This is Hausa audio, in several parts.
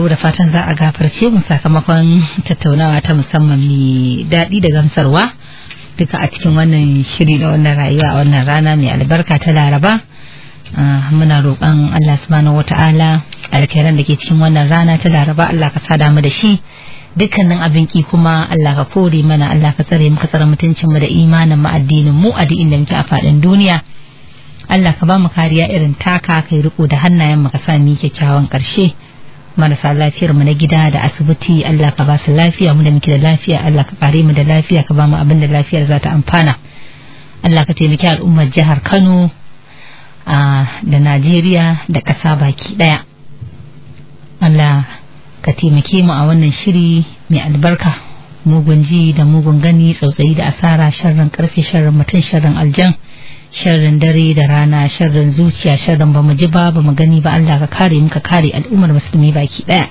sauraro da fatan za a gafarce mu sakamakon tattaunawa ta musamman mai daɗi da gamsarwa duka a cikin wannan shiri da wannan rayuwa a wannan rana mai albarka ta laraba ah, muna roƙon Allah subhanahu wata'ala alkhairan da ke cikin wannan rana ta laraba Allah ka sada mu da shi dukkanin abin ki kuma Allah ka kore mana Allah ka tsare muka tsare mutuncin mu da imanin mu addinin mu a da muke a faɗin duniya Allah ka ba mu kariya irin taka kai riko da hannayen mu ka sa mu kyakkyawan ƙarshe marasa lafiyar mu na gida da asibiti Allah ka ba su lafiya mu da muke da lafiya Allah ka kare mu da lafiya ka ba mu abin da lafiyar za ta amfana Allah ka taimaki al'ummar jihar Kano a da Najeriya da ƙasa baki ɗaya Allah ka taimake mu a wannan shiri mai albarka mugun ji da mugun gani tsautsayi da asara sharrin karfe sharrin mutum sharrin aljan sharrin dare da rana sharrin zuciya sharrin ba mu ji ba ba mu gani ba Allah ka kare mu ka kare al'ummar musulmi baki daya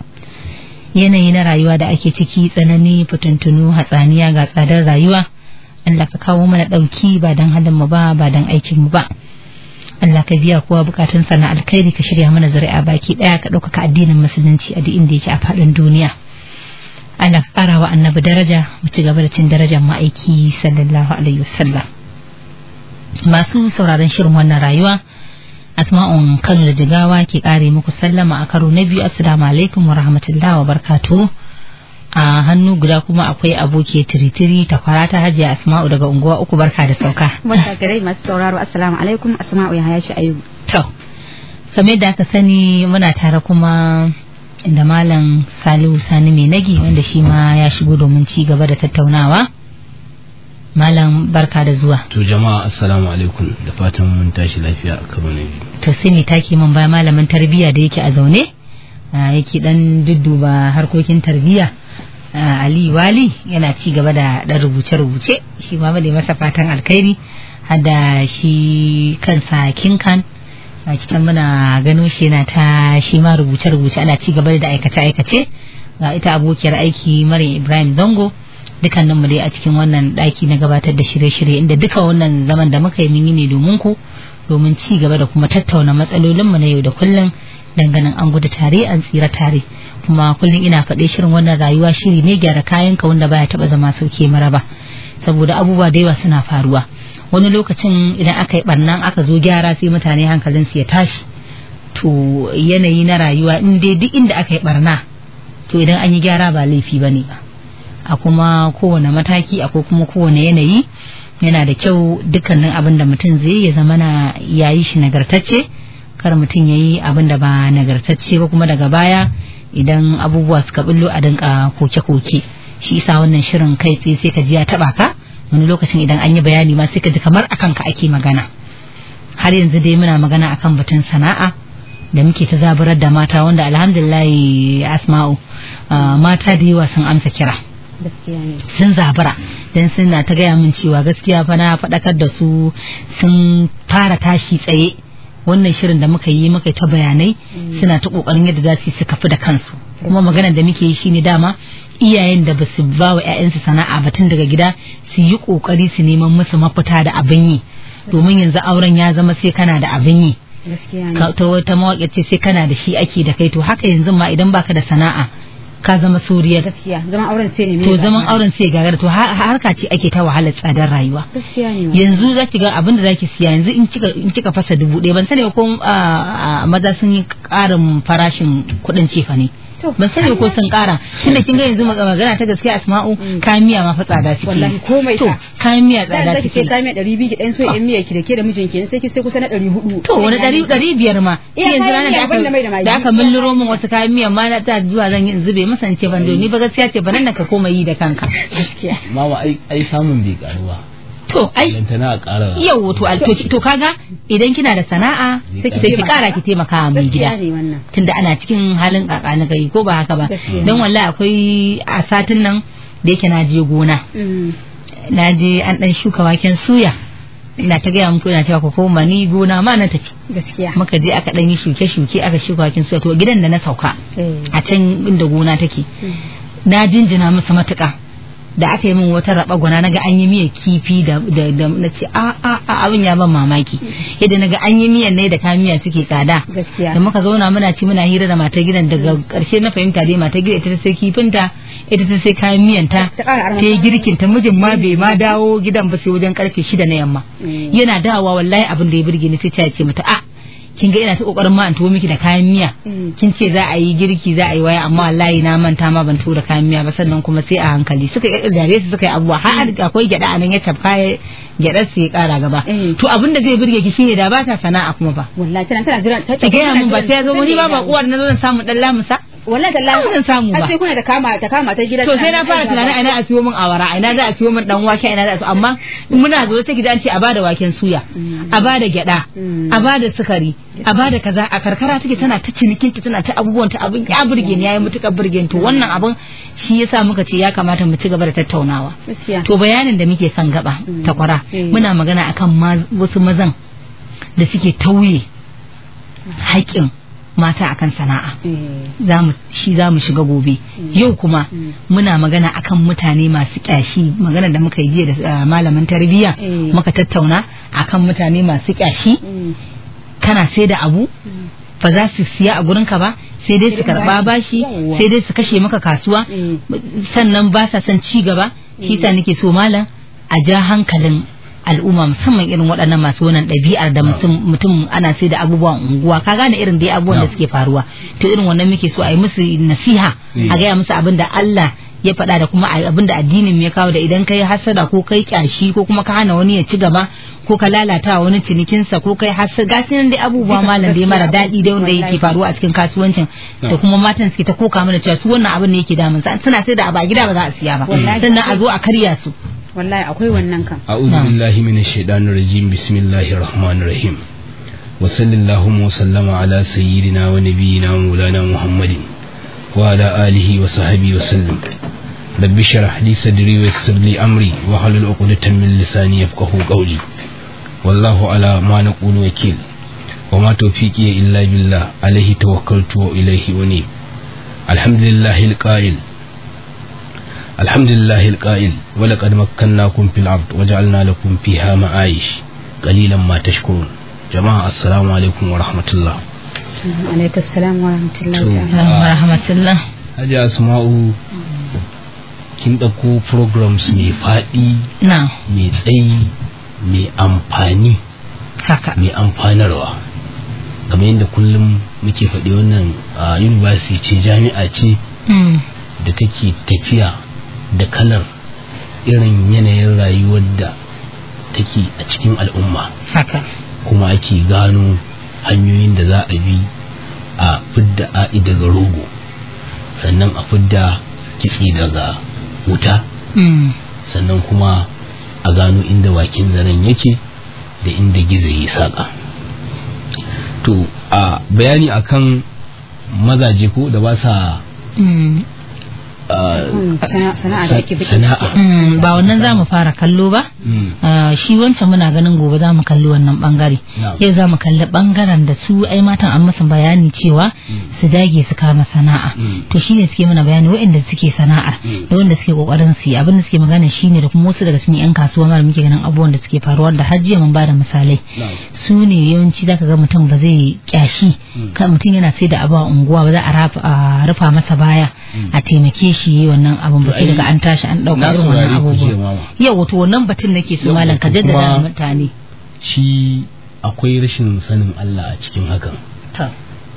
yanayi na rayuwa da ake ciki tsanani fitintunu hatsaniya ga tsadar rayuwa Allah ka kawo mana dauki ba dan halin mu ba ba dan aikin mu ba Allah ka biya kowa bukatun sana alkhairi ka shirya mana zuri'a baki daya ka ɗaukaka addinin musulunci a duk inda yake a fadin duniya Allah ka fara wa annabi daraja mu ci gaba da cin darajar ma'aiki sallallahu alaihi wasallam masu sauraron shirin wannan rayuwa asma'un kano da jigawa ke kare muku sallama a karo na biyu assalamu alaikum wa rahmatullahi wa barkatu a hannu guda kuma akwai aboki tiritiri ta fara ta hajiya asma'u daga unguwa uku barka da sauka mutakarai masu sauraro assalamu alaikum asma'u ya hayashi ayu to kamar da aka sani muna tare kuma da malam salihu sani mai nagi wanda shi ma ya shigo domin ci gaba da tattaunawa malam barka da zuwa to jama'a assalamu alaikum da fatan mun tashi lafiya kamar ne na biyu to sai mi take mun baya malamin tarbiyya da yake a zaune yake dan dudduba harkokin tarbiyya ali wali yana ci gaba da dan rubuce-rubuce shi ma bane masa fatan alkhairi hada shi kansa kinkan a cikin muna gano shi yana ta shi ma rubuce-rubuce ana ci gaba da aikace-aikace ga ita abokiyar aiki maryam ibrahim zango mu dai a cikin wannan ɗaki na gabatar da shirye-shirye inda duka wannan zaman da muka yi mun yi ne domin ku domin ci gaba da kuma tattauna matsalolin mu na yau da kullum danganin an gudu tare an tsira tare kuma kullum ina faɗe shirin wannan rayuwa shiri ne gyara kayan kayanka wanda baya taɓa zama sauke mara ba saboda abubuwa da yawa suna faruwa wani lokacin idan aka yi ɓarnan aka zo gyara sai mutane hankalin su ya tashi to yanayi na rayuwa in dai duk inda aka yi ɓarna to idan an yi gyara ba laifi ba ne ba a kuma kowane mataki ko kuma kowane yanayi yana da kyau dukkanin abin da mutum zai ya zama na yayi shi nagartacce kar mutum ya yi abin da ba nagartacce ba kuma daga baya idan abubuwa suka bullo a dinka koke-koke shi isa wannan shirin kai tsaye sai ka ji ya taba ka wani lokacin idan an yi bayani ma sai ka ji kamar akan ka ake magana har yanzu dai muna magana akan batun sana'a da muke ta zabarar da mata wanda alhamdulillah asma'u ah, mata da yawa sun amsa kira sun zabara don suna ta gaya min cewa gaskiya fa na faɗakar da su sun fara tashi tsaye wannan shirin da muka yi muka ta bayanai mm. suna ta kokarin yadda za su kafi da kansu kuma maganar da muke yi shine dama iyayen da basu ba wa 'ya'yansu sana'a ba tun daga gida su yi kokari su neman musu mafita da abin yi domin yanzu auren ya zama sai kana da abin yi ta wata ce sai kana da shi ake da kai to haka yanzu ma idan baka da sana'a ka zama suriya gaskiya zaman auren sai ne to zaman auren sai gagara to harka ce ake ta wahalar tsadar rayuwa gaskiya ne yanzu ki ga abin da zaki siya yanzu in kika fasa dubu ɗaya ban sani ko ah, ah, maza sun yi ƙarin farashin kuɗin cefa ne ban sani ko sun kara tunda kin ga yanzu magana ta gaskiya asma'u mm. kayan miya ma fa tsada suke wallahi komai to kayan miya tsada suke sai kayan miya 200 ki dan so yan miya ki da ke da mijinki sai ki sai kusa na 400 to wani 500 ma yanzu ranar da aka da aka milliro min wasu kayan miya ma ta zuwa zan yi zube masa ce ban ni ba gaskiya ce banan nan ka komai yi da kanka gaskiya mama ai samun bi karuwa to ai yau wato to kaga idan kina da sana'a sai ki ki kara ki taimaka mai gida tunda ana cikin halin kaka na gari ko ba haka ba don wallahi akwai a satin nan da yake na je gona mm. na je an dan shuka waken suya ina ta gaya muku ina cewa ko koma ni gona ma na tafi gaskiya muka je aka dan yi shuke shuke aka shuka waken suya to gidan da na sauka eh. a can inda gona take mm. na jinjina musu matuka da aka yi min wata raba gwana naga an yi miyar kifi da da da nace a a a abin ya ban mamaki yadda naga an yi miyar ne da kayan miya suke tsada da muka zauna muna ci muna hira da mata gidan daga karshe na fahimta dai mata gidan ita ta sai kifinta ita ta sai kayan miyan ta ta yi girkin ta mijin ma bai ma mm. dawo gidan ba sai wajen karfe shida na yamma mm. yana dawowa wallahi abin da ya burge ni sai ta ce mata a kin ga ina ta kokarin ma in tuwo miki da kayan miya mm. kin ce za a yi girki za a yi waya amma wallahi na manta ma ban tuwo da kayan miya ba sannan kuma sai a hankali suka dare su suka yi abuwa har mm. akwai gyada a nan ya tafka gyadar su ya kara gaba mm. to abin da zai burge ki shine da ba ta sana'a kuma ba wallahi tana tana jira ta ga mun ba sai zo ni ba ba uwar na zo samu dan lamusa wallahi da lamusa zan samu ba sai kuna da kama ta kama ta gida to sai na fara tunanin na a siyo min awara na za a siyo min dan wake na za a amma muna zo ta gidan ce a bada waken suya a bada gyada a bada sukari a bada kaza a karkara take tana ta cinikin ta tana ta abubuwan ta abin ya burge ni yayi mutuka burge to wannan abin shi yasa muka ce ya kamata mu ci gaba da tattaunawa to bayanin da muke son gaba mm. takwara eh. muna magana akan wasu mazan da suke tauye haƙƙin mata akan sana'a eh. shi za mu shiga gobe mm. yau kuma mm. muna magana akan mutane masu kyashi magana da muka yi jiya da ah, malamin tarbiyya eh. muka tattauna akan mutane masu kyashi kana sai da abu ba za su siya a gurinka ba sai dai su karba bashi sai dai su kashe maka kasuwa mm. sannan ba sa son ci gaba shi sa mm. nake so malam a ja hankalin al'umma musamman irin waɗannan masu wannan ɗabi'ar da mutum ana sai da abubuwan unguwa ka gane irin dai abubuwan da suke faruwa to irin wannan muke so a yi musu nasiha a gaya musu abin da Allah ya faɗa da kuma abin da addinin ya kawo da idan kai hasada ko kai kyashi ko kuma ka hana wani ya ci gaba ko ka lalata wani cinikinsa ko kai hasada gashi nan dai abubuwa malam dai mara daɗi dai wanda yake faruwa a cikin kasuwancin da kuma matan suke ta koka mana cewa su wannan abin ne yake damun suna sai da a gida ba za a siya ba sannan a zo a karya su wallahi akwai wannan kan a'udhu billahi minash shaitanir rajim bismillahir rahmanir rahim wa sallallahu wa sallama ala sayyidina wa nabiyyina maulana muhammadin وعلى آله وصحبه وسلم رب اشرح لي صدري ويسر لي أمري واحلل عقدة من لساني يفقه قولي والله على ما نقول وكيل وما توفيقي إلا بالله عليه توكلت وإليه ونيب الحمد لله القائل الحمد لله القائل ولقد مكناكم في الأرض وجعلنا لكم فيها معايش قليلا ما تشكرون جماعة السلام عليكم ورحمة الله alaikum salam wa wa asma'u kin ɗauko programs mai Na. mai tsayi mai amfani haka mai amfanarwa kamar yadda kullum muke faɗi wannan a university ce jami'a ce hmm. da take tafiya da kalar irin yanayin rayuwar da take a cikin al'umma haka kuma ake gano hanyoyin da za a bi a fidda a'i daga rogo sannan a fidda kitse daga wuta hmm. sannan kuma a gano inda bakin zaren yake da inda gizo ya saƙa to a bayani akan mazaje ko da ba sa hmm. Hmm, ah, sana'a hmm, ba wannan za mu fara kallo ba hmm. ah, shi wancan muna ganin gobe za mu kalli wannan bangare yau za mu kalli bangaren da su ai matan an masa bayani cewa su dage su kama sana'a to shi ne suke mana bayani waɗanda suke sana'ar da wanda suke kokarin su yi abin da suke magana shi ne da kuma wasu daga cikin yan kasuwa mara muke ganin abubuwan da suke faruwa da har jiya mun bada misalai su ne yawanci zaka ga mutum ba zai kyashi mutum yana sai da abu a unguwa ba za a rufa masa baya a taimake shi shi wannan abun ba daga an tashi an dauka irin wannan abubuwa yau wato wannan batun nake su malam ka jaddada mutane shi akwai rashin sanin Allah a cikin hakan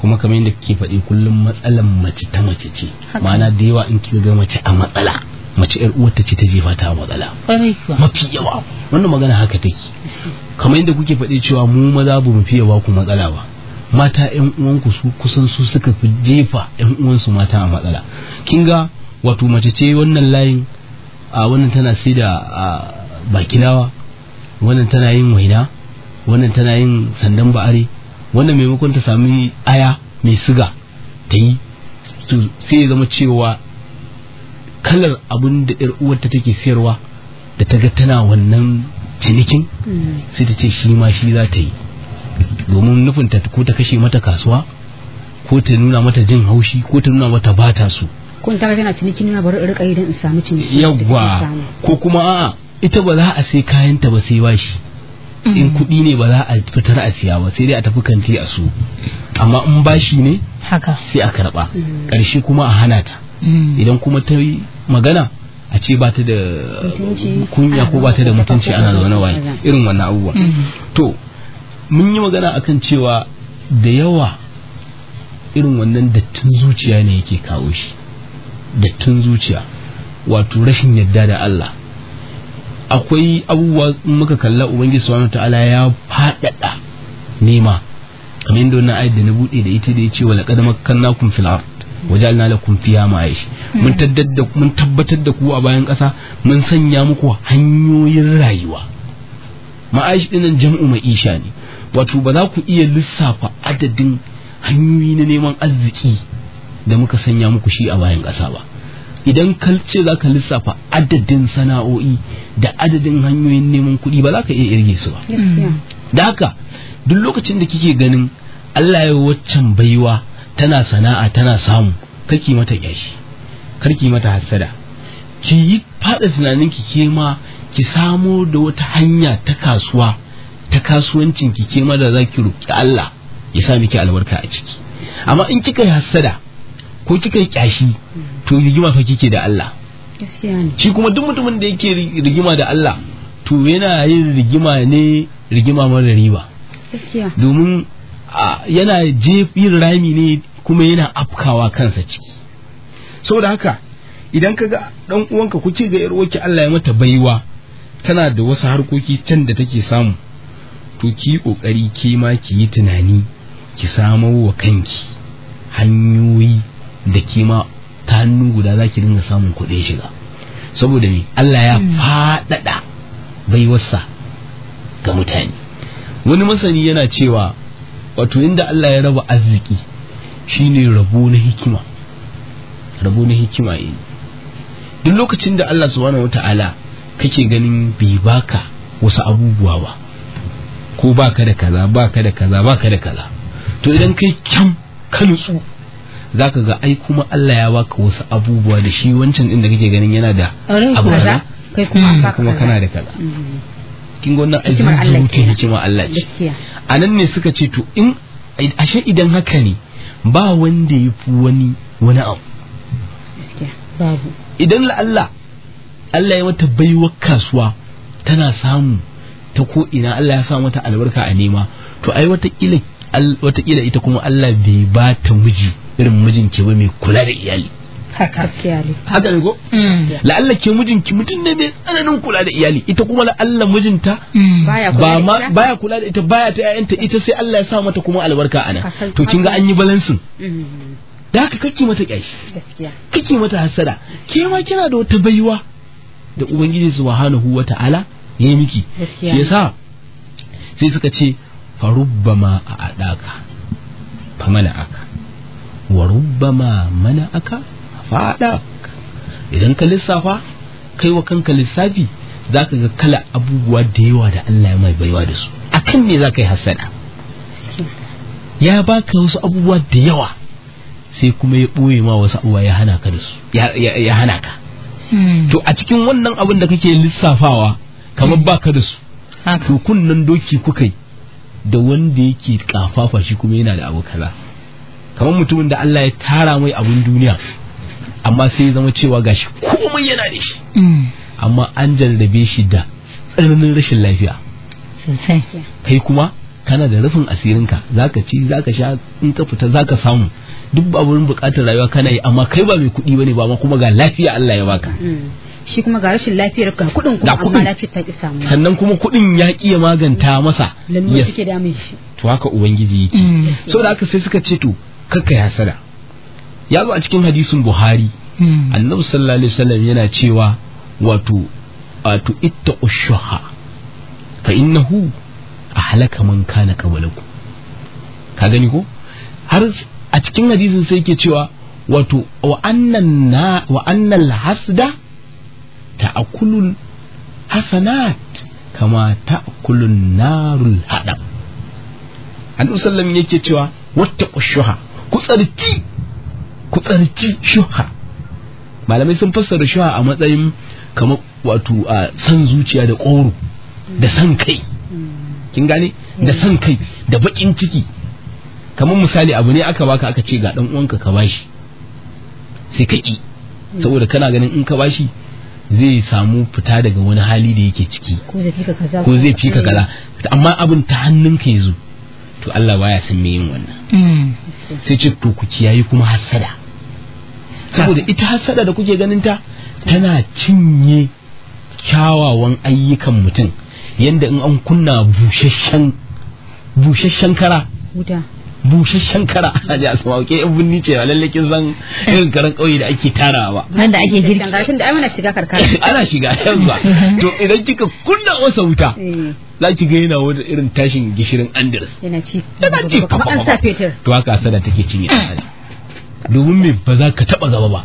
kuma kamar yadda kake faɗi kullum matsalan mace ta mace ce ma'ana da yawa in kika ga mace a matsala mace yar ta ce ta jefa ta matsala mafi yawa wannan magana haka take kamar yadda kuke faɗi cewa mu maza ba mu fiye ba ku matsala ba mata yan uwanku su kusan su suka fi jefa yan uwansu mata a matsala kin ga wato mace ce wannan layin a wannan tana sai da bakinawa wannan tana yin waina wannan tana yin sandan ba'are wannan maimakon ta sami aya mai siga ta yi sai ya zama cewa kalar abin da yar uwarta take siyarwa da ta ga tana wannan cinikin mm. sai ta ce shi ma shi za ta yi domin nufin ta ko ta kashe mata kasuwa ko ta nuna mata jin haushi ko ta nuna mata bata su ko in ta tana ciniki na bari in rika yi don in samu ciniki yawwa ko kuma a'a ita ba za a sai kayanta ba sai bashi in mm. kuɗi ne ba za a fitar a siya ba sai dai a tafi kanti a su amma in bashi ne haka sai a karɓa. Karshe mm. kuma a hana ta mm. idan kuma ta yi magana a ce ba ta da kunya ko ba ta da mutunci ana zaune waye irin wannan abubuwa to mun yi magana akan cewa da yawa irin wannan dattin zuciya ne yake kawo shi dattin zuciya wato rashin yadda da Allah akwai abubuwa muka kalla ubangiji subhanahu ta'ala ya faɗaɗa nema kamar yadda wannan ayat da na buɗe da ita da yace wala qad makkannakum fil ard wajalna lakum fiha ma'aish mun taddada mun tabbatar da ku a bayan ƙasa mun sanya muku hanyoyin rayuwa ma'aish dinan jam'u ma'isha ne wato ba za ku iya lissafa adadin hanyoyi na neman arziki da muka sanya muku shi a bayan ƙasa ba idan ka ce za ka lissafa adadin sana'o'i da adadin hanyoyin neman kuɗi ba za ka iya irge su ba da haka duk lokacin da kike ganin Allah ya waccan baiwa tana sana'a tana samu kake mata kyashi karki mata hassada ki yi fada tunanin ki ke ma ki samo da wata hanya ta kasuwa ta kasuwancin ki ke ma da za ki roki Allah ya sa miki albarka a ciki amma in kika yi hassada ko kika yi kyashi to rigima fa kike da Allah shi kuma duk mutumin da yake rigima da Allah to yana yin rigima ne rigima mara riba domin yana jefin rami ne kuma yana afkawa kansa ciki saboda haka idan kaga ga dan uwanka kuke ga yar Allah ya mata baiwa tana da wasu harkoki can da take samu to ki kokari ke ma ki yi tunani ki samo wa kanki hanyoyi da kima ta hannu guda za ki dinga samun kuɗin shiga saboda me Allah ya mm. faɗaɗa baiwarsa ga mutane wani masani yana cewa wato inda Allah ya raba arziki shine rabo na hikima rabo na hikima yi duk lokacin da Allah subhanahu wata'ala kake ganin bai baka wasu abubuwa ba ko baka da kaza baka da kaza baka da kaza to idan kai kyam ka nutsu zaka ga ai kuma Allah ya baka wasu abubuwa da shi wancan din da kake ganin yana da abu kuma hmm, kuma kana da kaza hmm. kin ga wannan azuzuti hikima Allah ce a nan ne suka ce to in ashe idan haka ne ba wanda ya fi wani wani abu idan la Allah Allah ya mata baiwar kasuwa tana samu ta ko ina Allah ya sa mata albarka a nema to ai wata kila ita kuma Allah bai bata ta miji irin mijinki ba mai kula da iyali haka ne ko mm. la'alla ke mijinki mutum ne mai tsananin kula da iyali ita kuma la'alla mijinta mm. baya kula da ita baya ta yayanta ita sai Allah ya sa mata kuma albarka ana to kin ga an yi balansin mm. da haka kake mata kyashi kake mata hasada ke ma kina da wata baiwa da ubangiji subhanahu wata'ala ya yi miki shi yasa sai suka ce ma a adaka famala aka wa rubbama mana aka faɗa idan ka lissafa kai wa kanka lissafi za ka ga kala abubuwa da yawa da Allah ya mai baiwa da su akan ne za ka yi hassana ya baka wasu abubuwa da yawa sai kuma ya ɓoye ma wasu abubuwa ya hana ka da su ya hana ka hmm. to a cikin wannan abin da kake lissafawa kamar hmm. ba ka da su to kunnan doki kukai da wanda yake kafafa shi kuma yana da abu kaza kamar mutumin da Allah ya tara mai abun duniya amma sai zama cewa gashi komai yana da shi mm. amma an jarrabe shi da tsananin rashin lafiya kai kuma kana da rufin asirinka zaka ci zaka sha in ka fita zaka samu duk ba bukatar rayuwa kana yi amma kai ba mai kuɗi bane ba amma kuma ga lafiya Allah ya baka mm. shi kuma ga rashin lafiyar ka kuɗin kuma amma lafiyar ta ki samu sannan kuma kuɗin ya ki ya maganta masa lalle suke da to haka ubangiji yake mm. so da haka sai suka ce to kakka sada ya zo a cikin hadisin buhari hmm. annabi sallallahu alaihi wasallam yana cewa wato wato itta ushuha fa innahu ahlaka man kana qablakum ka gani ko har a cikin hadisin sai yake cewa wato wa annan na wa annal hasda ta'kulul hasanat kama ta'kulun narul hadam annabi sallallahu alaihi wasallam yake cewa wata ushuha ku tsarki ku tsarki shuha malamai sun fassara shuha a matsayin kamar wato a san zuciya da ƙoro da san kai kin gane da san kai da baƙin ciki kamar misali abu ne aka baka aka ce ga dan uwanka ka bashi sai ka saboda kana ganin in ka bashi zai samu fita daga wani hali da yake ciki ko zai fika kaza amma abin ta hannunka ya zo to Allah baya san me yin wannan hmm. sai ce to ku kiyayi kuma hasada saboda ita hasada da kuke ganin ta tana cinye kyawawan ayyukan mutum yanda in an kunna busasshen busasshen kara busasshen kara a ji asma ke yan binni ce ba lalle kin san irin karan kauye da ake tarawa ba nan da ake girki da ana shiga karkara ana shiga yanzu to idan kika kunna wasa wuta eh. za ki ga yana wata irin tashin gishirin Anders yana ci yana ci kuma an sa fetur to haka hasada take cinye mm. domin me ba za ka taba gaba ba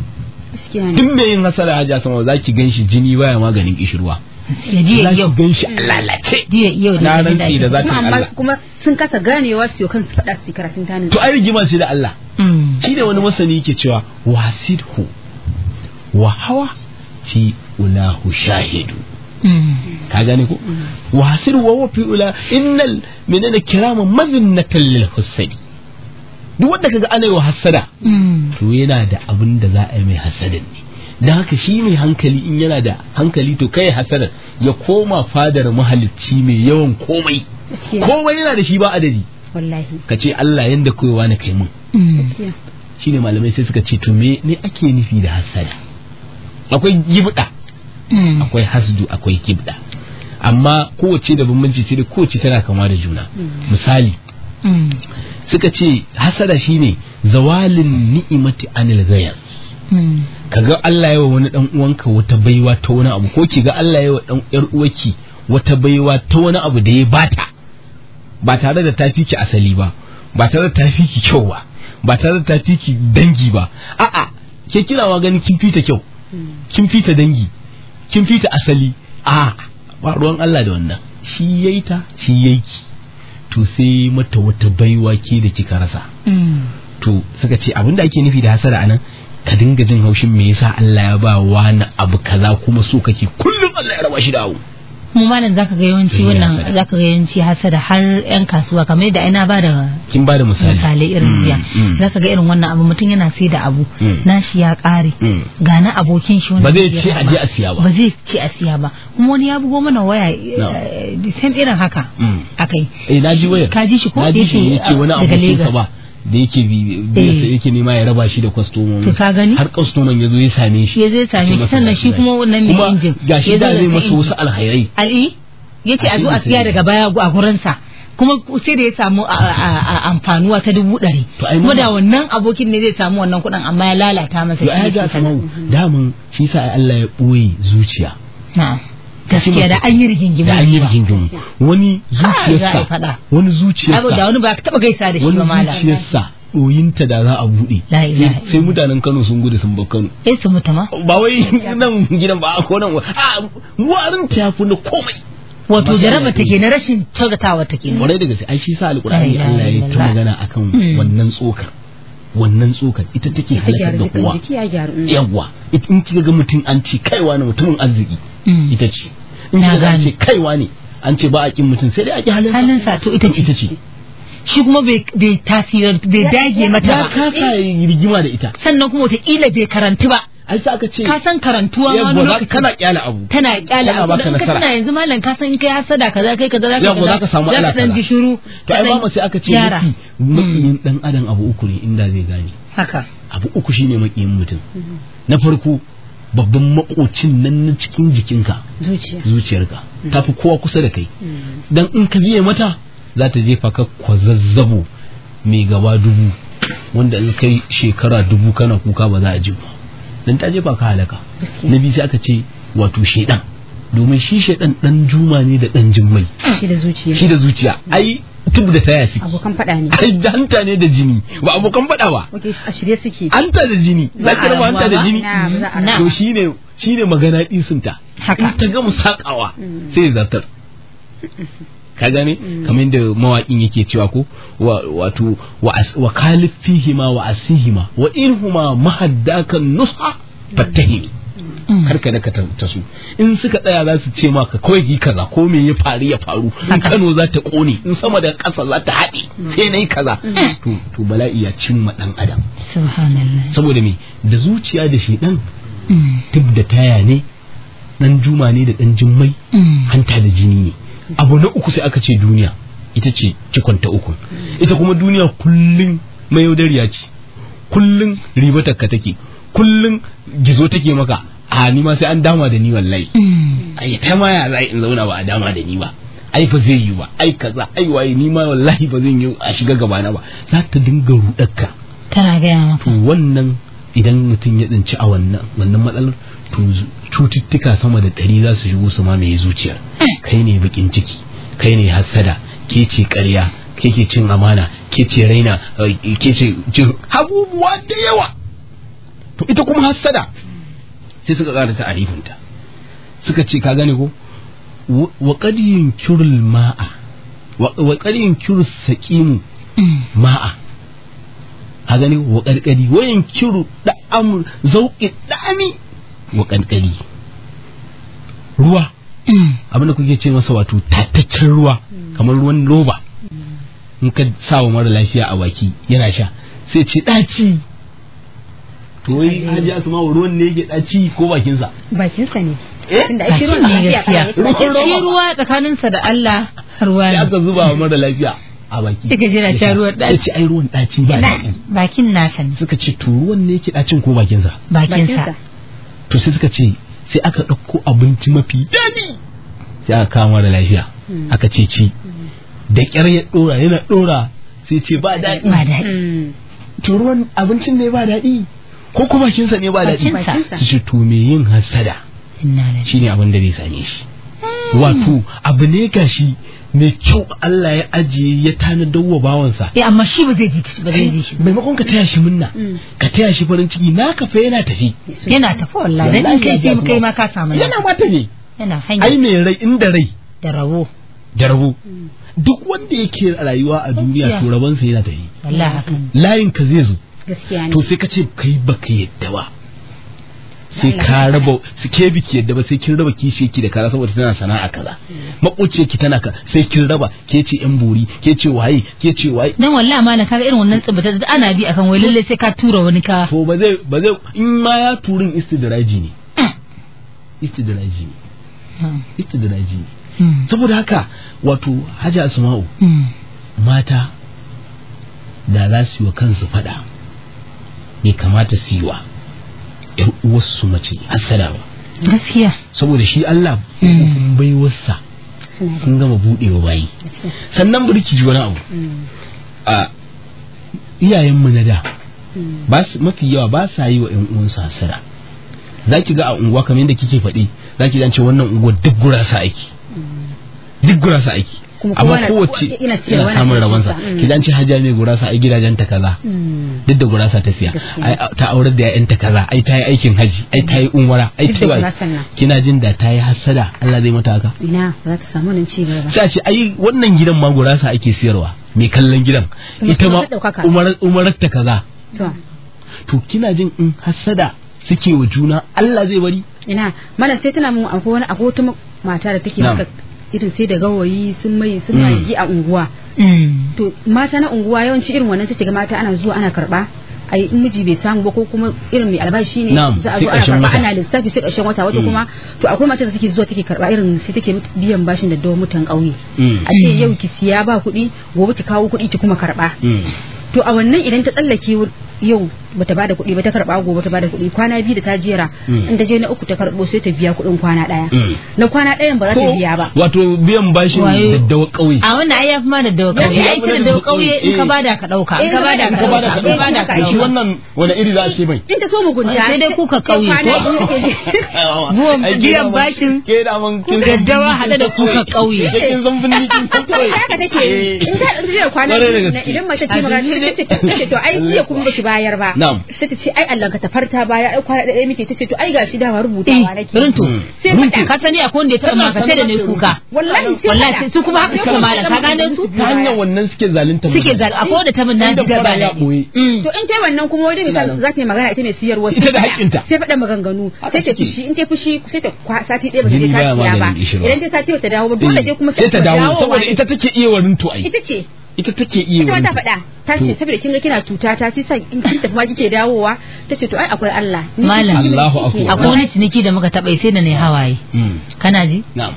duk me yin hasada haja sama za ki ganshi jini baya maganin kishirwa ya ji yau gan shi lalace jiya yau da rantsi da za ta Allah kuma sun kasa ganewa su yau kansu faɗa su karatun tanin to ai rigima shi da Allah mm. shi da wani masani yake cewa wasidhu wa hawa fi ulahu shahidu ka gane ko wasir wa wafi ula innal menene kirama mazinnatan lil husaini duk wanda kaga ana yi wa hasada to yana da abin da za a yi mai hasadin ne da haka shi mai hankali in yana da hankali to kai hasadar ya koma fadar mahalicci mai yawan komai komai yana da shi ba adadi ka ce Allah yanda koyawa na kai mun shine malamai sai suka ce to me ne ake nufi da hasada akwai gibda Mm. akwai hasdu akwai kibda amma kowace da bambanci ce da kowace tana kama da juna mm. misali mm. suka ce hasada shine zawalin ni'imati anil ghayr ga Allah yawa wani dan uwanka wata baiwa ta wani abu ko ki ga Allah yawa dan yar uwaki wata baiwa ta wani abu da ya bata ba tare da tafi asali ba ba tare da tafi kyau ba ba tare da tafi dangi ba a'a ke kirawa ganin kin fita kyau kin fita dangi kin fita asali a ba ruwan Allah da wannan shi yayi ta shi yayi ki to sai mata wata baiwa ke da kika rasa mm. to suka ce abin da ake nufi da hasara anan ka dinga jin haushin me yasa Allah ya ba na abu kaza kuma so kake kullum Allah ya raba shi da abu mu malam zaka ga yawanci wannan zaka ga yawanci hasada har yan kasuwa kamar yadda ina ba da kin ba da misali misali irin biya mm, mm. zaka ga irin wannan abu mutum yana sai da abu mm. nashi ya kare ga na abokin shi ba zai ce a je a siya ba ba zai ce a siya ba kuma wani ya bugo mana waya da eh, san irin haka akai eh na ji wayar. ka ji shi ko da yake ah, daga ba. da yake bi eh. yake nema ya raba shi da kwastomomi to ka gani har kwastomomin ya zo ya same shi ya zai same shi sannan shi kuma wannan ne injin gashi da zai masa wasu alhairai al'i yace a eh, zo a siya daga baya a gurinsa kuma sai da ya samu amfanuwa ta dubu ɗari kuma da wannan abokin ne zai samu wannan kuɗin amma ya lalata masa shi da mun shi sa Allah ya ɓoye zuciya gaskiya da an yi rigingimu da an yi rigingimu wani zuciyarsa wani zuciyarsa da wani ba ka taba gaisa da shi ba malam wani zuciyarsa ɗoyinta da za a buɗe eh, sai mutanen Kano sun gudu sun bar Kano eh su mutu ma ba wai nan gidan ba ko nan a warin ta yafi na komai wato jaraba take na rashin tagatawa take ne Wani daga sai ai shi sa alƙur'ani Allah ya yi magana akan hmm. wannan tsokar wannan tsokar ita take halakar da kowa mm. yawwa in kika ga mutum an ce kaiwa ne mutumin arziki mm. ita ce in kika ga ce kaiwa ne an ce ba a kin mutum sai dai a ki halin sa to ita ce ita ce shi kuma bai tasirar bai dage mata ba ya kasa eh. rigima da ita sannan kuma wata ila bai karanti ba ai sai aka ce ka san karantuwa ma wani lokaci kana kyala abu tana kyala abu in ka tana yanzu mallan ka san kai hasada kaza kai kaza zaka yabo zaka samu alaka dan ji shiru to ai mama sai aka ce musulmin hmm. dan adam abu uku ne inda zai gane haka abu uku shine makiyin mutum hmm. na farko babban makocin nan na cikin jikinka zuciyarka hmm. ta fi kowa kusa da kai dan in ka biye mata za ta jefa ka kwazazzabo mai gaba dubu wanda in kai shekara dubu kana kuka ba za a ji ba dan ta jefa ka halaka na biyu sai aka ce wato shedan domin shi shedan dan juma ne da dan jimmai ah. shi da zuciya shi da zuciya ai tubu da taya shi abokan fada ne ai hanta ne da jini ba abokan fada ba oke a shirye suke hanta da jini za ki raba hanta da jini to shine shine magana disinta haka ta ga musakawa mm. sai zartar ka gane mm. kamar yadda mawaƙin yake cewa ko wato wa kalif fihima wa asihima wa inhuma mahaddakan nusha fatahi har mm. ka daka in suka tsaya za su ce maka kawai yi kaza ko me ya faru ya faru in Kano za ta kone in sama da kasa za ta haɗe mm. sai nayi kaza to bala'i ya cimma ɗan adam saboda me da zuciya da shi ɗan tib da taya ne ɗan juma ne da ɗan jimmai hanta da jini ne abu na uku sai aka ce duniya ita ce cikon uku ita kuma duniya kullum mai yaudariya ce kullum ribatarka take kullum gizo take maka a ni ma sai an dama da ni wallahi ai ta ma ya zai in zauna ba a dama da ni ba ai ba zai yi ba ai kaza ai waye ni ma wallahi ba zan yi a shiga gaba na ba za ta dinga rudarka tana ga maka to wannan idan mutum ya tsinci a wannan wannan matsalar to cututtuka sama da ɗari za su shigo su mai zuciyar kai ne bakin ciki kai ne hassada ke ce ƙarya ke ke cin amana ke ce raina eh, ke ce jin abubuwa da yawa to ita kuma hassada sai suka ƙara ta arifinta suka ce ka gane ko wa ƙadiyin yunkiru ma'a wa ƙadiyin yunkiru saqimu ma'a a gani wa ƙarƙari wayan wa yunkiru da amr wakankari ruwa mm. abinda kuke ce masa wato tattaccen ruwa mm. kamar ruwan roba mm. in ka sa wa mara lafiya a baki yana sha sai ce ɗaci to wai haji asma ruwan ne yake ɗaci ko bakinsa bakinsa ne eh? tunda ai ruwan ne gaskiya shi ruwa tsakaninsa da Allah ruwa ne aka zuba wa mara lafiya a baki suka jira ta ruwan ɗaci ai ruwan ɗaci ba bakin nasa ne suka ce to ruwan ne yake ɗacin ko bakinsa bakinsa to sai suka ce sai aka ɗauko abinci mafi daɗi sai aka kawo mara lafiya hmm. aka ce ci da ƙyar ya ɗora yana ɗora sai ce ba daɗi ba daɗi hmm. to ruwan abincin ne ba daɗi ko kuma bakinsa ne ba daɗi su ce to me yin hasada shine abin da zai same shi hmm. wato abu ne gashi mai kyau Allah ya ajiye ya tana dawo bawansa eh amma shi ba zai ji ba zai ji shi eh, maimakon ka taya shi munna mm. ka taya shi farin ciki na kafa yana tafi yana tafi wallahi dan kai sai kai ma ka samu yana ma tafi yana hanya ai mai rai inda rai da rabo da rabo mm. duk wanda yake rayuwa a duniya to rabonsa yana tafi wallahi layin ka zai zo gaskiya ne to sai ka ce kai baka yadda ba sai ka raba su ke biki yadda ba sai kin raba kishi ki da kaza saboda tana sana'a kaza makoce ki tana ka sai kin raba ke ce yan buri ke ce waye ke ce waye dan wallahi malam kaga irin wannan tsibata da ana bi akan wai lalle sai ka tura wani ka to ba zai ba zai in ma ya turin istidraji ne eh. istidraji ne hmm. istidraji ne hmm. saboda haka wato haja Asma'u hmm. mata da za su yi wa kansu fada me kamata su yi wa yan uwarsu mace assalamu gaskiya saboda shi Allah kun hmm. bai wasa sun gama budewa bayi sannan burki ji wani abu hmm. a iyayenmu na da hmm. Ba mafi yawa ba sa yi wa yan uwansu hasara za ki ga a unguwa kamar yadda kike faɗi za ki ce wannan unguwa duk sa aiki duk sa aiki amma kowace yana samun rabansa mm. ki dan ci hajja mai gurasa ai gidajen ta kaza mm. duk da gurasa ta siya ta aurar da ya'yan ta kaza ai ta yi aikin haji ai ta yi umara ai ta yi kina jin da ta yi hasada Allah zai mata haka ina za ta samu nan ci gaba sai a ce ai wannan gidan ma gurasa ake siyarwa mai kallon gidan ita ma umarar ta kaza to kina jin in hasada suke wa juna Allah zai bari ina mana sai tana mun akwai wani akwai wata mata da take irin sai da gawayi sun mai sun magi mm. a unguwa mm. to mata na unguwa yawanci irin wannan sai ga mata ana zuwa ana karba ai in miji bai samu ba ko kuma irin mai albashi ne za a zo ana karba ana lissafi sai karshen wata Wato mm. kuma to akwai mata da take zuwa take karba irin sai take biyan bashin da dawo mutan kauye a ce yau ki siya ba kuɗi gobe ki kawo kuɗi ki kuma karba to a wannan idan ta tsallake yau bata bada kuɗi ba ta karba gobe ta bada kuɗi kwana biyu da ta jera hmm. in ta je na uku ta karbo sai ta biya kuɗin kwana ɗaya hmm. na kwana ɗayan ba za ta biya ba wato biyan bashin da dawa ƙauye a wannan ai yafi ma dawa ƙauye ai ta dawa ƙauye in ka eh. bada ka ɗauka in ka bada ka ɗauka in ka bada ka shi wannan wani iri za a ce mai in ta so mugunta sai dai kuka ƙauye ko biyan bashin da daddawa haɗe da kuka ƙauye in zan bin kin ƙauye haka take eh. in ta jira kwana biyu na idan mace ce magana ta ce to ai jiya kuma ki bayar ba sai ta ce ai Allah ka tafarta baya ai kwana ɗaya muke ta ce to ai gashi dama rubutawa eh, nake runtu hmm. sai fada ka sani akwai wanda ya taɓa maka sai da nayi kuka wallahi sai wallahi su kuma haka suka mala ka gane su ta hanyar wannan suke zalunta suke zal akwai wanda ta min naji ba ne hmm. to in kai wannan kuma wani misali za ta yi magana ita mai siyarwa ita da haƙinta sai faɗa maganganu sai ta fushi in ta fushi sai ta sati ɗaya ba ta je ta siya ba idan ta sati ta dawo ba dole eh, dai kuma sai ta dawo saboda ita take iya warin to ai ita ce ita take iya wani ta faɗa ta ce saboda kin ga kina tuta ta sai san in kin tafi kike dawowa ta ce to ai akwai Allah malam Allahu akbar akwai wani ciniki da muka taɓa sai da ne hawaye hmm. kana ji na'am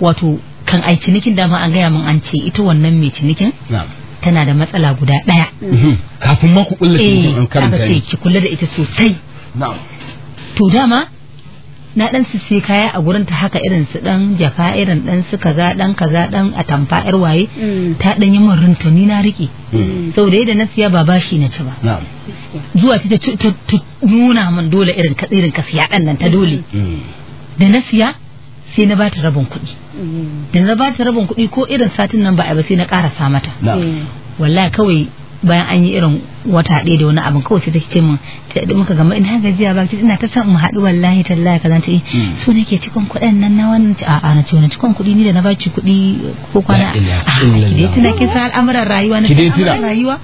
wato kan ai cinikin da ma an gaya min an ce ita wannan mai cinikin na'am tana da matsala guda ɗaya. Mhm. Kafin ma ku kulle an eh, karanta. Eh, ki kula da ita sosai. Na'am. To dama na dan su sai kaya a gurin ta haka irin su dan jaka irin dan su kaza dan kaza dan atamfa yar waye mm. ta dan yi min runtuni na rike mm. saboda yadda na siya ba bashi na ci ba zuwa ta nuna min dole irin ka irin ka siya dan nan ta dole mm. da na siya sai na bata rabin kuɗi da na bata rabin kuɗi ko irin satin nan ba a ba sai na karasa mata wallahi kawai bayan an yi irin wata ɗaya da wani abin kawai sai take ce min ta da muka gama ina gajiya ba ki ina ta san mu haɗu wallahi tallahi kaza ta yi hmm. su nake cikin kuɗin nan na wannan ci a'a na ce wani cikin kuɗi ni da na ba ki kuɗi ko kwana a'a ah, ki dai tuna kin san al'amuran rayuwa na al'amuran rayuwa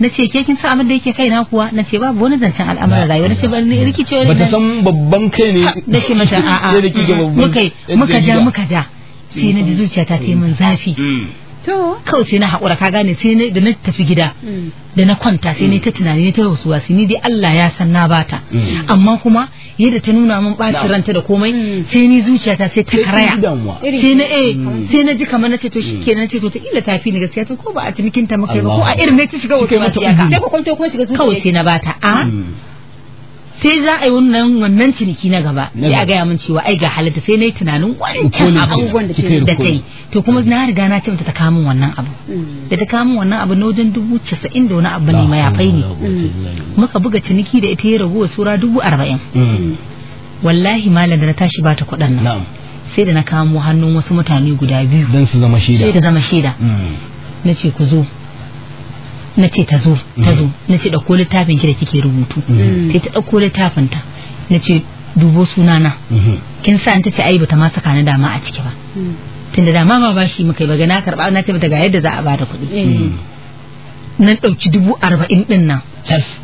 na ce ke kin san abin da yake kaina kuwa na ce babu wani zancen al'amuran rayuwa na ce ba ni rikice wani ba ta san babban kai ne na ce mata a'a mm, muka muka ja muka ja sai na ji zuciyata ta yi min zafi hmm. to kawai sai na haƙura ka gane sai na da na tafi gida mm. da na kwanta sai na ta tunani ta wasu wasu ni dai Allah ya san na bata mm. amma kuma yadda ta nuna min bacin ranta da komai mm. sai ni zuciyata sai ta karaya sai na eh sai na ji kamar na ce to shikenan ce to ta illa tafi ni gaskiya to ko ba a cinikin ta muke ba ko a irin ne ta shiga wata ba ta iyaka sai ko kwanto kuma shiga zuciya kawai sai na bata a sai za a yi wannan wannan ciniki na gaba sai a gaya min cewa ai ga halitta sai na yi tunanin wancan abin da ta yi to kuma mm. na riga na ce mata ta kamun wannan abu mm. da ta kamun wannan abu na wajen dubu casa'in da wani abu ne mayafai ne muka buga ciniki da ita ya wa sura dubu arba'in mm. wallahi malam da na tashi ba ta kuɗin nan sai da na kamo hannun wasu mutane guda biyu don su zama shaida. sai da zama shida na ce ku zo na ce ta zo ta mm. zo na ce ɗauko littafin ki da kike rubutu sai mm. mm. ta ɗauko littafin ta na ce dubo sunana mm-hmm. kin sa ta ce ai bata ma saka na dama a ciki ba tunda dama ma ba shi muka yi baga na karba na ce mata ga yadda za a bada kuɗi na ɗauki dubu arba'in ɗin nan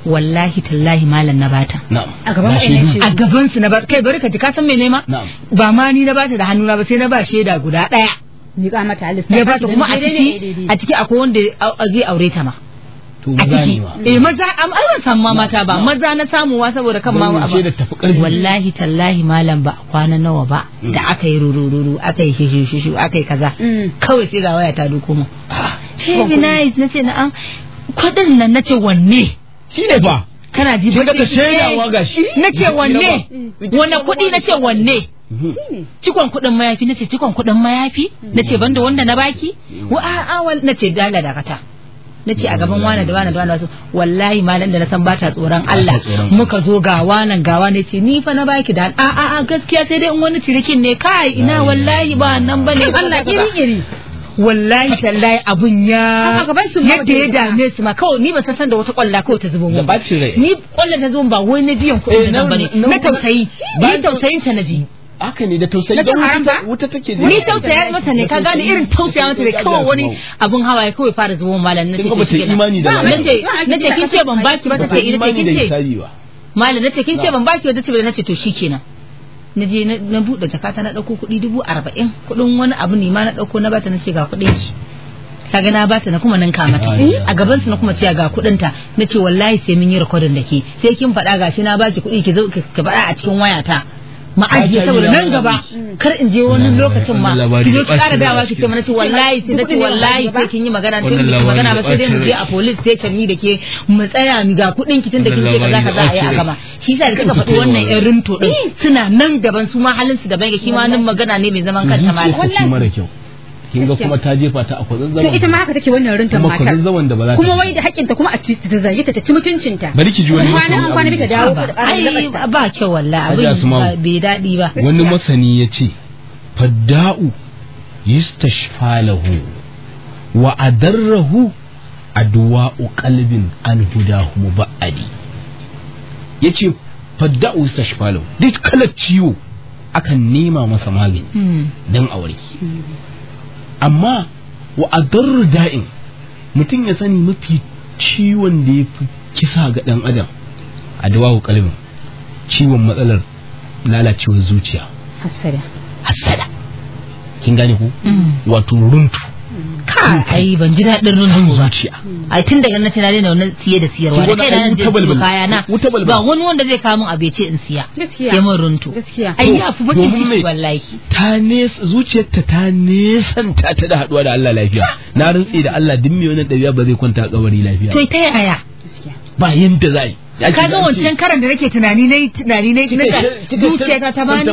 wallahi tallahi malam na bata a gaban su na bata kai bari ka ji ka san me nema ba ma ni na bata da na ba sai na ba shaida guda ɗaya miƙa mata ya bata kuma a ciki a ciki akwai wanda zai aure ta ma ne ciki eh maza am ban samu ma mata ba maza na samuwa saboda kan ma wallahi tallahi malam ba kwana nawa ba hmm. da aka yi ruru aka yi shishu aka yi kaza hmm. kawai sai ga waya ta duko mu ah. heavy nice nace na an kwadan nan nace wanne shine ba kana ji ba ta wa gashi ce wanne wanne kudi nace wanne cikon kudin mayafi nace cikon kudin mayafi hmm. nace banda wanda na baki wa a'a na ce dala dakata na ce a gaban wane da wane da wane wasu wallahi malam da na san bata tsoron Allah muka zo ga wanan ga wane ce ni fa na baki da a a a gaskiya sai dai in wani cirikin ne kai ina wallahi ba nan bane Allah iri iri wallahi tallahi abun ya yadda ya dame su ma kawai ni ba san san da wata kwalla kawai ta zubo ba ni kwalla ta zubo ba wai na biyan kuɗin da eh, nan bane na tausayi ni tausayin ta na ji haka ne da tausayi da wuta take je ni tausaya mata ne ka gane irin tausaya mata ne kawai wani abun hawaye kawai fara zuwa malam nace kin ce imani da nace nace kin ce ban baki ba tace ita kin ce malam nace kin ce ban baki ba tace ba nace to shikenan na je na buɗe jakata na ɗauko kuɗi dubu arba'in kuɗin wani abu ne ma na ɗauko na bata na ce ga kuɗin ki kaga na bata na kuma ninka mata a gaban su na kuma cewa ga kudin ta nace wallahi sai mun yi recording da ke sai kin faɗa gashi na baki kuɗi ki zo ki faɗa a cikin wayata ma'aji saboda nan gaba kar in je wani lokacin ma ki zo ki kara dawa ki ce mana ce wallahi sai nace wallahi sai kin yi magana tun da magana ba sai dai mu je a police station ni da ke mu tsaya mu ga kudin ki tun da kin ce kaza kaza a yi a gaba shi yasa da kika faɗi wannan irin rinto din eh. suna nan gaban su ma halin su daban ga shi ma nan magana ne mai zaman kanta malam wallahi kin ga kuma ta jefa ta a kwazon zaman ita ma haka take wannan rinta matar kuma zaman da ba za ta kuma wai da hakinta kuma a ci ta zage ta ta ci mutuncin ta bari ki ji wani kwana kwana bi ta dawo ai ba kyau wallahi abin bai dadi ba wani masani yace fadda'u yastashfalahu wa adarrahu adwa'u qalbin an hudahu mubaadi yace fadda'u yastashfalahu duk kalar ciwo akan nema masa magani hmm. dan a warke hmm. amma wa adarru da'in mutum ya sani mafi ciwon da ya fi kisa ga ɗan adam a dawahu kalbin ciwon matsalar lalacewar zuciya hassada hassada kin gane ku mm. wato runtu ai ban ji daɗin rundun ba ai tun daga nan tunani da wannan siye da siyarwa da kai na nan je kaya na ba wani wanda zai kawo min abinci in siya ya min runtu ai ya fi bakin ciki wallahi ta nesa zuciyarta ta nesanta ta da haduwa da Allah lafiya na rantsi da Allah duk mai wannan ɗabi'a ba zai kwanta a kabari lafiya to ta yaya ba yanda za yi ka ga wancan karan da nake tunani na tunani na zuciyata ta bani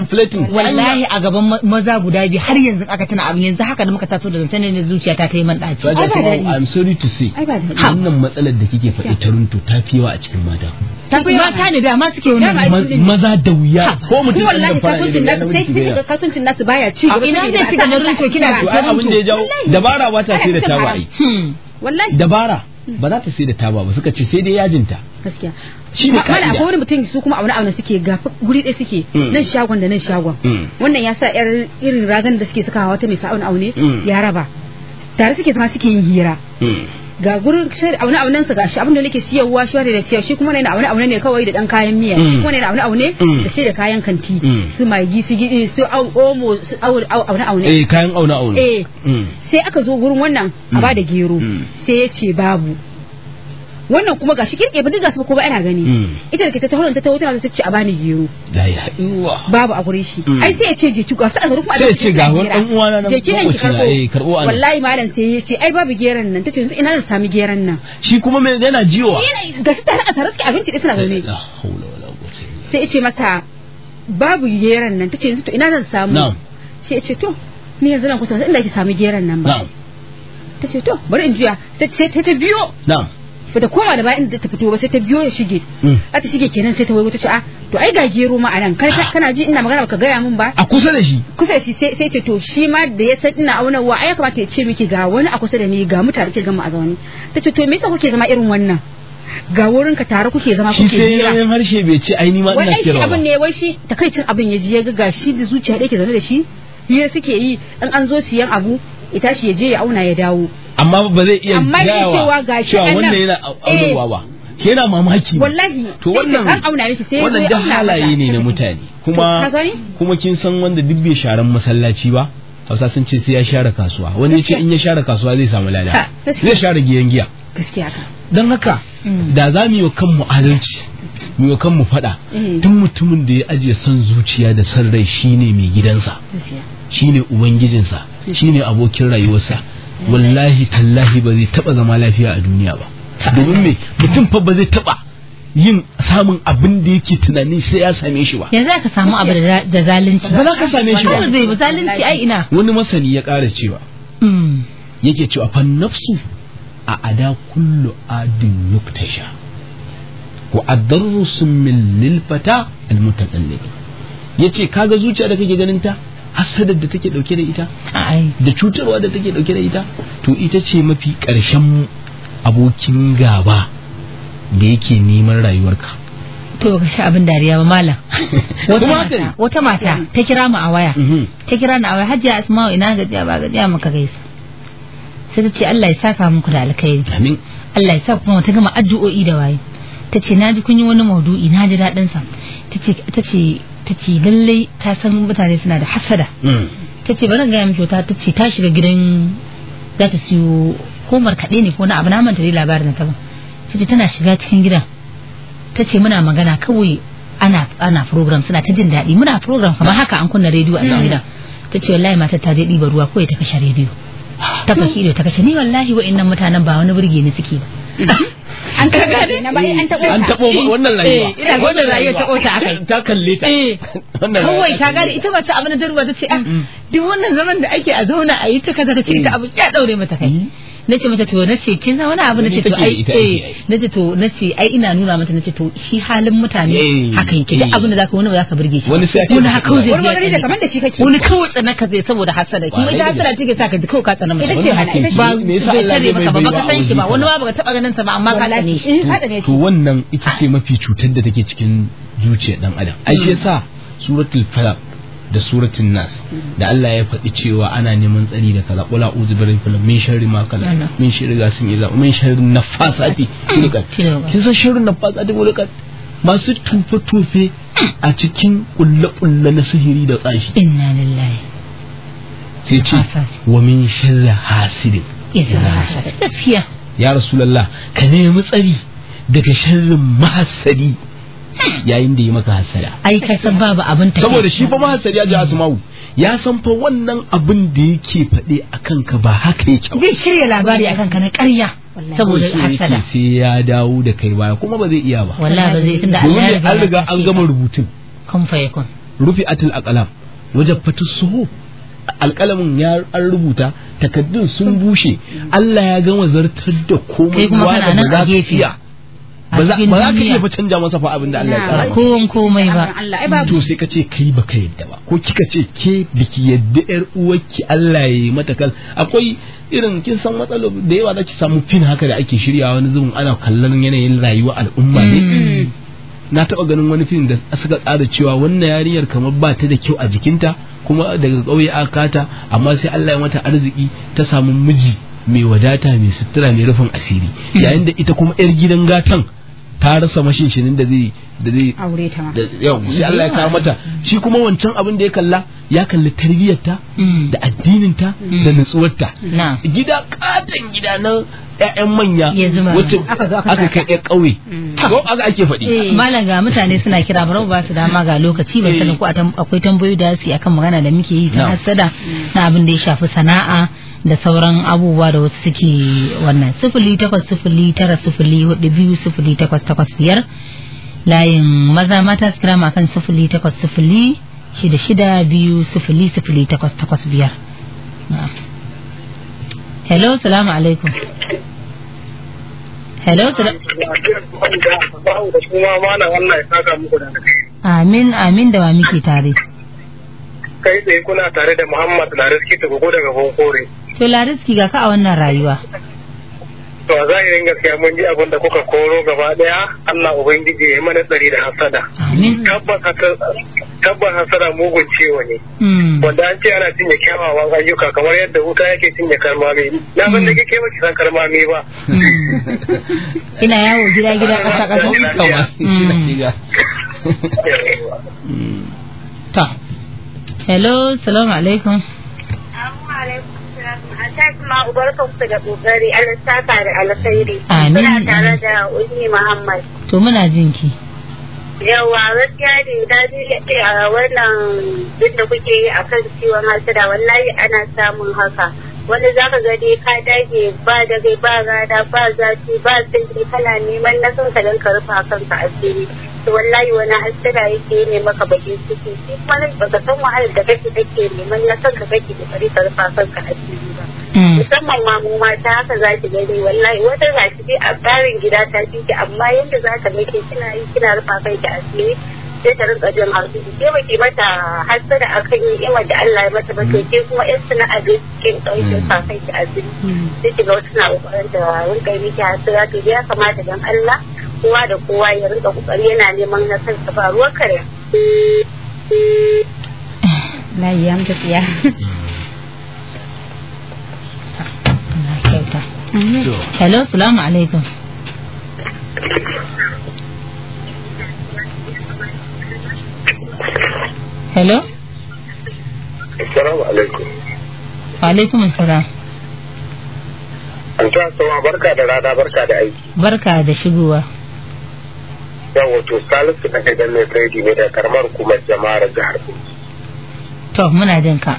wallahi a gaban maza guda biyu har yanzu aka tana abin yanzu haka da muka taso da zantan ne zuciya ta yi man daci ai ba dadi I'm sorry to say wannan matsalar da kike faɗi Toronto ta fi yawa a cikin mata ta fi mata ne da ma suke wannan maza da wuya ko mutum wallahi kasuwancin nasu sai kike kasuwancin nasu baya ci gaba ina ne kika da Toronto kina da abin da ya jawo dabara wata ce da ta ba ai hmm. dabara ba za ta sai da taba ba suka ce sai dai yajinta gaskiya shi ne ka'ida akwai wani mutum su kuma auna auna suke gafi guri ɗaya suke mm. nan shagon da nan shagon mm. wannan ya sa yar irin ragan da suke sakawa wata mai sa auna aune mm. ya raba tare suke zama suke yin hira ga gurin aune aunen sa gashi abin da nake siyarwa shi da siya shi kuma na aune aune ne kawai da dan kayan miya shi kuma ne aune aune mm. da sai da kayan kanti mm. su magi su gidi su omo su aune aune eh kayan aune aune eh mm. sai aka zo gurin wannan a ba da gero sai ya ce babu wannan kuma gashi kirke ba diga ko ba ana gani hmm. ita da ke ta taho ta taho ta ce a bani giro babu a gure shi hmm. ai sai ya ce je ki ga sai kuma a ce ga wani dan uwa na je ki hanki karbo wallahi malam sai ya ce ai babu geran nan tace yanzu ina zan sami geran nan shi kuma me yana jiwa ga su tare a tare abinci da suna zaune sai ya ce mata babu geran nan tace yanzu to ina zan samu sai ya ce to ni yanzu nan kusa inda ki sami geran nan ba tace to bari in juya sai ta biyo na'am bata koma da bayan da ta fito ba sai ta biyo ya shige mm. a ta shige kenan sai ta wai ta ce a ah, to ai ga gero ma a nan kana ji ina magana baka gaya min ba a kusa da shi kusa da shi sai ce to shi ma da ya san ina wa ai ya kamata ya ce miki ga wani a kusa da ni ga mutane ke gama a zaune ta ce to me yasa kuke zama irin wannan ga wurin ka tare kuke zama kuke jira shi sai yayin harshe bai ce ai ni ma ina kira wai abin ne wai shi takaicin abin ya ji ya ga gashi da zuciya da yake zaune da shi hira suke yi in an zo siyan abu ita shi ya je ya auna ya dawo amma ba zai iya gawa cewa wannan yana aurewa ba ke eh. yana mamaki wallahi to wannan wannan da halaye ne na mutane kuma kuma kin san wanda duk bai sharan masallaci ba hausa sun ce sai ya share kasuwa wani ya ce in ya share kasuwa zai samu lada zai share giyan giya gaskiya ka don haka mm. da za mu yi wa kanmu adalci mu yi kanmu faɗa mm. duk mutumin da ya ajiye son zuciya da son rai shine mai gidansa shine ubangijinsa mm. shine abokin rayuwarsa wallahi tallahi ba zai taba zama lafiya a duniya ba domin me mutum fa ba zai taba yin samun abin da yake tunani sai ya same shi ba yanzu ka samu abu da zalunci ba za ka same shi ba zai ba zalunci ai ina wani masani ya ƙara cewa mm. yake cewa fa nafsu a ada kullu adin yuktasha wa adarrusu min lilfata fata yace kaga zuciya da kake ganin ta hasadar da take dauke da ita da cutarwa da take dauke da ita to ita ce mafi karshen abokin gaba da yake neman rayuwarka to ka sha abin dariya ba malam wata mata ta kira mu a waya mm-hmm. ta kira ni a waya hajiya asma'u ina gajiya ba gajiya muka gaisa sai ta ce Allah ya saka muku da alkhairi amin Allah ya sa kuma ta gama addu'o'i da waye ta ce naji kun yi wani maudu'i naji daɗin sa ta ce ta ce lallai ta san mutane suna da hasada mm. ta ce bari gaya miki ta ce ta shiga gidan za ta siyo ko markaɗe ne ko na abu na manta dai labarin ta ba ta ce tana shiga cikin gidan ta ce muna magana kawai ana ana program suna ta jin daɗi muna program kamar haka an kunna rediyo a cikin mm. gidan ta ce wallahi matar ta je ɗiba ruwa kawai ta kashe rediyo ta faki ta kashe ni wallahi wa'annan mutanen ba wani burge ni suke ba an kaga ne ba an tabo wannan rayuwa eh, ina wannan rayuwa ta kota akai ta kalle ta eh. wannan kawai ta gani ita mace abin da ta rubuta ce ah mm. duk wannan zaman da ake a zauna a yi ta kaza ta ce ta mm. abu ya daure mata kai mm. nace mata to nace kin san wani abu nace to ai na eh. nace to nace ai ina nuna mata nace to shi halin mutane eh. haka yake duk abin da zaka wani ba zaka burge shi wani sai wani haka zai wani wani da kaman da shi kake wani kawai tsana ka zai saboda hasada kuma ita hasada take sa ka ji kawai ka tsana mace ba me yasa Allah bai maka ba ka san shi ba wani ba ka taba ganin sa ba amma ka tsane shi eh, to wannan ita ce mafi cutar da take cikin zuciyar dan adam ai shi hmm. yasa suratul falaq da suratun nas da Allah ya faɗi cewa ana neman tsari da kaza qul a'udhu bi min sharri ma kala min sharri gasin iza min sharri nafasati kin san sharri nafasati lukat masu tufe tufe a cikin kulle kulle na sihiri da tsafi inna lillahi sai ce wa min sharri hasidin iza hasad gaskiya ya rasulullah ka nemi tsari daga sharrin mahasadi yayin da ya maka hasada ai ka san babu abin ta saboda shi fa hasari ya ji asma'u ya san fa wannan abin da yake faɗe akan ka ba haka yake zai shirya labari akan ka na ƙarya saboda hasada sai ya dawo da kai baya kuma ba zai iya ba wallahi ba zai tunda Allah an riga an gama rubutun kun fa yakun rufi atul aqlam wajab fatus suhu Alkalamin ya an rubuta takaddun sun bushe Allah ya gama zartar da komai wanda ba za ka ba za ka iya ba canja masa fa abin da Allah ya tsara kowan komai ba to sai ka ce kai ba ka yadda ba ko kika ce ke biki yadda yar uwarki Allah ya yi mata kal akwai irin kin san matsalo da yawa zaki samu fin haka da ake shirya wani zubin ana kallon yanayin rayuwa al'umma ne mm. na taba ganin wani fim da suka tsara cewa wannan yarinyar kamar ba ta da kyau a jikinta kuma daga ƙauye aka kata amma sai Allah ya mata arziki ta samu miji mai wadata mai sutura mai rufin asiri yayin da ita kuma 'yar gidan gatan ta rasa mashinshinin da zai da zai aure ta yau sai Allah ya kawo mata shi kuma wancan abin da ya kalla ya kalli tarbiyyarta mm. da addininta da mm. nutsuwarta gida katon gida na ƴaƴan manya wacce aka kai ƴaƴan ƙauye ko mm. aka ake faɗi eh. malam ga mutane suna kira bari ba su dama ga lokaci ba sanin eh. ko akwai tambayoyi da su akan magana da muke yi ta hasada na abin da ya shafi sana'a da sauran abubuwa da wasu suke wannan sifili takwas sifili tara sifili hudu biyu sifili takwas takwas biyar layin maza mata su kira kan sifili takwas sifili shida shida biyu sifili sifili takwas takwas biyar hello salamu alaikum hello salamu amin amin da wa muke tare kai tsaye kuna tare da muhammad na riski ta daga hokore to lariski ga ka a wannan rayuwa to a zahirin gaskiya mun ji abin da kuka koro gaba daya Allah ubangiji ya mana tsari da hasada tabbas hasada mugun ciwo ne hmm. wanda an ce ana cinye kyawawan ayyuka kamar yadda wuta yake cinye karmami na san da hmm. kike ba ki san karmami ba hmm. ina yawo gida gida kasa kasa ta hello salamu alaikum Allah ubarkanku da kokari Allah saka da alkhairi. Amin. Muna tare da Ummi Muhammad. To muna jin ki. Yawa gaskiya ne da a wannan duk da kuke yi akan ciwon hasada wallahi ana samun haka. wani za ka ga ka dage ba dare ba rana ba zafi ba sanyi kana neman na son ka ka rufa kanka asiri to wallahi wani hasira yake ne maka bakin ciki shi kuma baka san wahalar da kake ke neman na son ka kake da kare ka rufa kanka asiri ba hmm. musamman ma mu mata haka za ki gani wallahi wata za ki a tsarin gida ta ciki amma yadda za ka make kina yi kina rufa kanki asiri sai ta rinka jin haushi ke ba ki mata hasada akan ima da Allah ya mata ba ke kuma yan suna a cikin ɗaukin hmm. kafin ki azumi hmm. sai ki ga wasu na ƙoƙarin da rinka yi miki hasada to ya kamata dan Allah kowa da kowa ya rinka ƙoƙari yana neman na kansa ba ruwa kare. Na yi yan tafiya. Hmm. Hello, salamu alaikum. hello assalamu alaikum alaikum assalam an ta sama barka da rana barka da aiki barka da shigowa yan wato salisu da kai mai biredi ne da karamar kuma jama'ar jihar to muna jin ka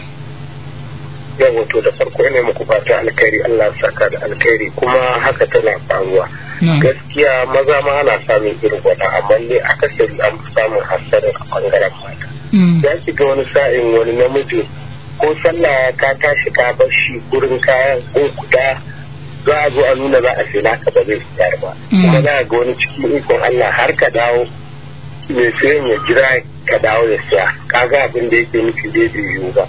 yan wato da farko ne muku fata alkhairi Allah saka da alkhairi kuma haka tana faruwa Hmm. gaskiya maza ma ana samun irin wata amma ne akasari an fi samun hassarin a bangaren mata ya hmm. shiga wani sa'in wani namiji ko sallah ka tashi ka bar shi gurin kayan ko guda za a zo a nuna za a ce naka ba zai fitar ba hmm. kuma za a ga wani cikin ikon Allah har ka dawo mai siyan ya jira ka dawo ya siya kaga abin da yake nufi bai yiwu ba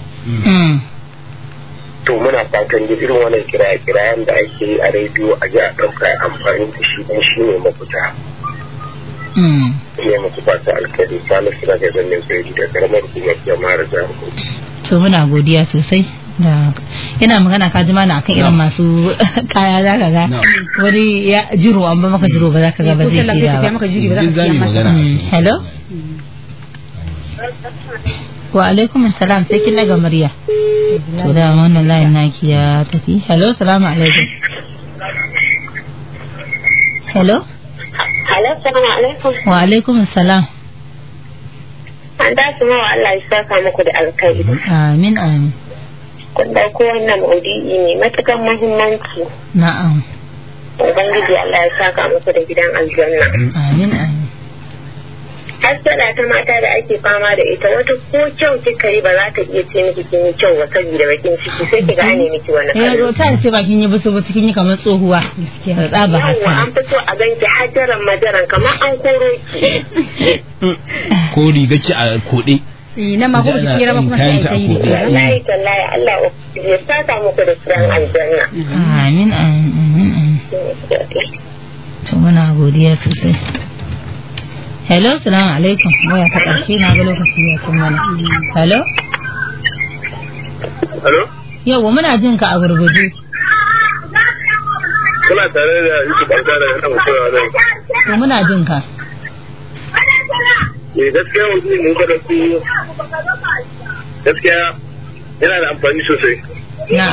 to muna fatan da irin wannan kiraye-kirayen da ake yi a rediyo a ji a ɗauka amfani da shi don shi ne mafita. Hmm. Iya muku ta alkali na ga zanen tsari da karamar hukumar jama'ar da To muna godiya sosai. yana magana ka jima na akan irin masu kaya za ka ga wani ya jiro an ba maka jiro ba za ka ga ba eh, zai kira ba. Hello? Hmm. Wa alaikum salam sai kin daga murya. to da wannan wa alaikum salam an da su mawa Allah ya saka muku da alkai amin amin kun wannan maudu'i ne muhimmanci na'am ubangiji Allah ya saka muku da gidan aljanna hassada ta mata da ake fama da ita wata ko kyau kika yi ba za ta iya ce miki kin yi kyau ba saboda bakin ciki sai ki gane miki wannan eh, kallo. Yanzu ta ce ba kin yi busu busu kin yi kamar tsohuwa gaskiya tsaba haka. Yawwa an fito a ganki hajaran madaran kamar an koro ki. Ko riga ki a koɗe. Eh, na ma gobe kira ba kuma sai ta yi Wallahi wallahi Allah ya saka muku da tsiran aljanna amin amin to muna godiya sosai hello salamu alaikum waya ta ƙarfi na ga lokaci ya cin mana hello hello yawa muna jin ka a gurguje kuna tare da yusuf da yana mutuwa da to muna jin ka eh gaskiya ne mun da su gaskiya yana da amfani sosai na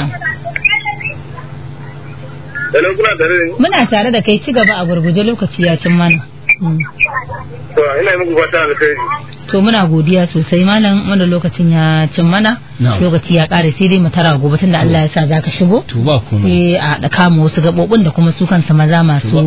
Hello, kuna tare da Muna tare da kai ci gaba a gurguje lokaci ya cin mana. to ina muku fata alheri to muna godiya sosai malam wanda lokacin ya cin mana lokaci ya kare sai dai mu tara gobe tunda Allah ya sa za ka shigo a da kama wasu gabobin da kuma su kansa maza masu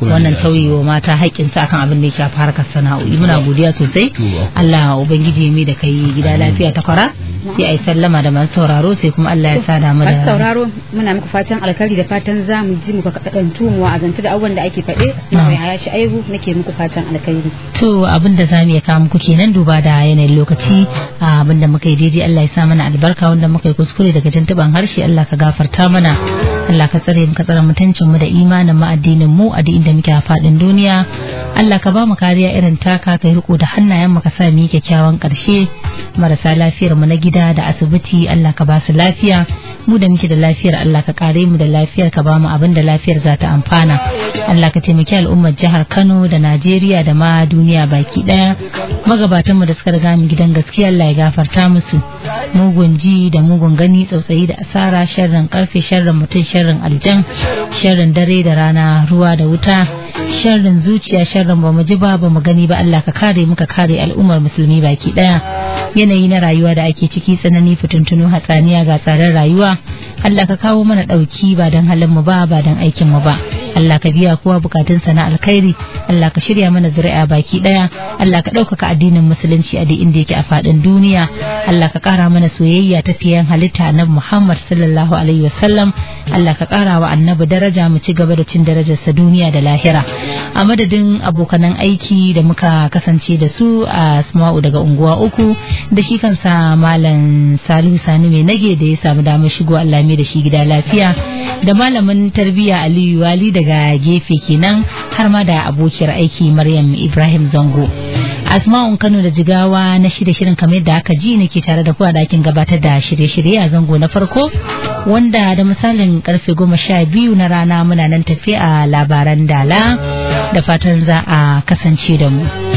wannan wa mata haƙƙin sa akan abin da ya shafi harkar sana'o'i muna godiya sosai Allah ubangiji mai da kai gida lafiya ta kwara sai ai sallama da masu sauraro sai kuma Allah ya sa da mu da masu sauraro muna muku fatan alkhairi da fatan za mu ji muka kadantu mu azanta da abubuwan da ake faɗe suna mai haya aihu nake muku fatan alkhairi to abin da zamu iya kawo muku kenan duba da yanayin lokaci abin da muka yi daidai Allah Allah ya sa mana albarka wanda muka yi kuskure daga tuntuban harshe Allah ka gafarta mana Allah ka tsare mu ka tsare mutuncin mu da imanin mu addinin mu a duk inda muke a faɗin duniya Allah ka ba mu kariya irin taka ka yi riko da hannayen mu ka sa mu yi kyakkyawan ƙarshe marasa lafiyar mu na gida da asibiti Allah ka ba su lafiya mu da muke da lafiyar Allah ka kare mu da lafiyar ka ba mu abin da lafiyar za ta amfana Allah ka taimaki al'ummar jihar Kano da Najeriya da ma duniya baki daya magabatan mu da suka riga mu gidan gaskiya Allah ya gafarta musu mugun ji da mugun gani tsautsayi da asara sharrin karfe sharrin mutum sharrin sharrin aljan sharrin dare da rana ruwa da wuta sharrin zuciya sharrin ba mu ji ba ba mu gani ba Allah ka kare muka kare al'ummar musulmi baki daya yanayi na rayuwa da ake ciki tsanani fitintunu hatsaniya ga tsadar rayuwa Allah ka kawo mana dauki ba dan halin mu ba ba don aikin mu ba Allah ka biya kowa bukatun sa na alkhairi Allah ka shirya mana zuri'a baki daya Allah ka ɗaukaka addinin musulunci a duk inda yake a faɗin duniya Allah ka kara mana soyayya ta fiyan halitta na Muhammad sallallahu alaihi wasallam Allah ka ƙara wa annabi daraja mu ci gaba da cin darajarsa duniya da lahira a madadin abokanan aiki da muka kasance da su a Asma'u daga unguwa uku da shi kansa malam Salihu Sani mai nage da ya samu damar shigo Allah mai da shi gida lafiya da malamin tarbiyya Aliyu Wali da daga gefe kenan har ma da abokiyar aiki Maryam Ibrahim Zango. Asma'un Kano da Jigawa na shirye shirin kamar yadda aka ji nake tare da ku a dakin gabatar da shirye-shirye a zango na farko wanda da misalin karfe goma sha biyu na rana muna nan tafi a labaran dala da fatan za a kasance da mu.